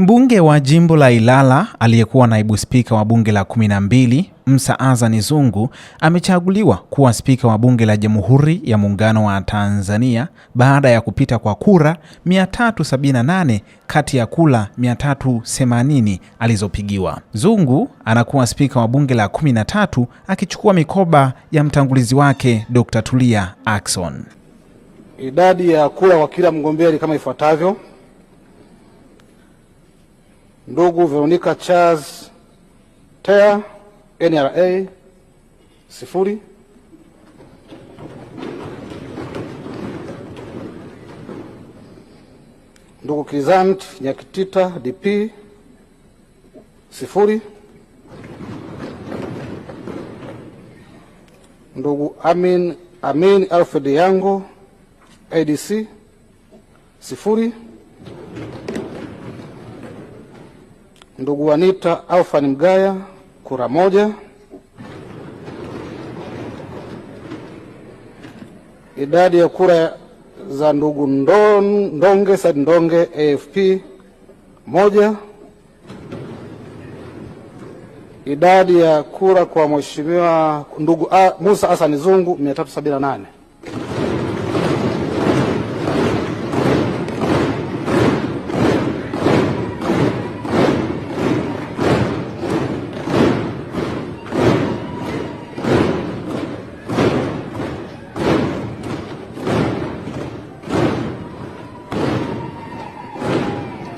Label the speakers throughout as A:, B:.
A: Mbunge wa jimbo la Ilala aliyekuwa naibu spika wa bunge la 12 msa azani Zungu amechaguliwa kuwa spika wa bunge la Jamhuri ya Muungano wa Tanzania baada ya kupita kwa kura 378 kati ya kula
B: 380 alizopigiwa. Zungu anakuwa spika wa bunge la 13 akichukua mikoba ya mtangulizi wake Dr. Tulia akson Idadi ya kura kwa kila mgombea ni kama ifuatavyo: ndugu Veronica Charles Tea NRA sifuri. Ndugu Krizant Nyakitita DP sifuri. Ndugu Amin, Amin Alfred Yango ADC sifuri. Ndugu Anita Alfani Mgaya kura moja. Idadi ya kura za ndugu Ndon, Ndonge Said Ndonge AFP moja. Idadi ya kura kwa mheshimiwa ndugu Musa Hassan Zungu 378.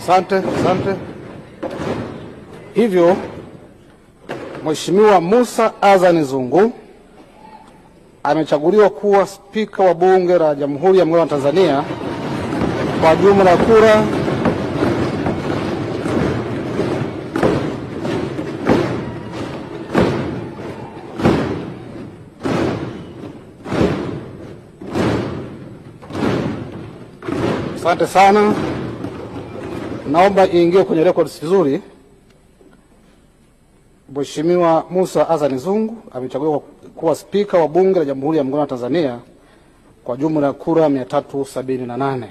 B: Asante, asante. Hivyo Mheshimiwa musa azani Zungu amechaguliwa kuwa spika wa bunge la Jamhuri ya Muungano wa Tanzania kwa jumla ya kura Asante sana. Naomba iingie kwenye records vizuri. Mheshimiwa musa Azzan Zungu amechaguliwa kuwa spika wa bunge la Jamhuri ya Muungano wa Tanzania kwa jumla ya kura 378.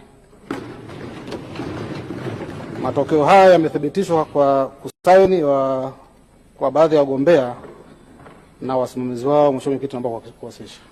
B: Matokeo haya yamethibitishwa kwa kusaini wa, kwa baadhi ya wagombea na wasimamizi wao. Mheshimiwa Mwenyekiti, naomba kuwasilisha.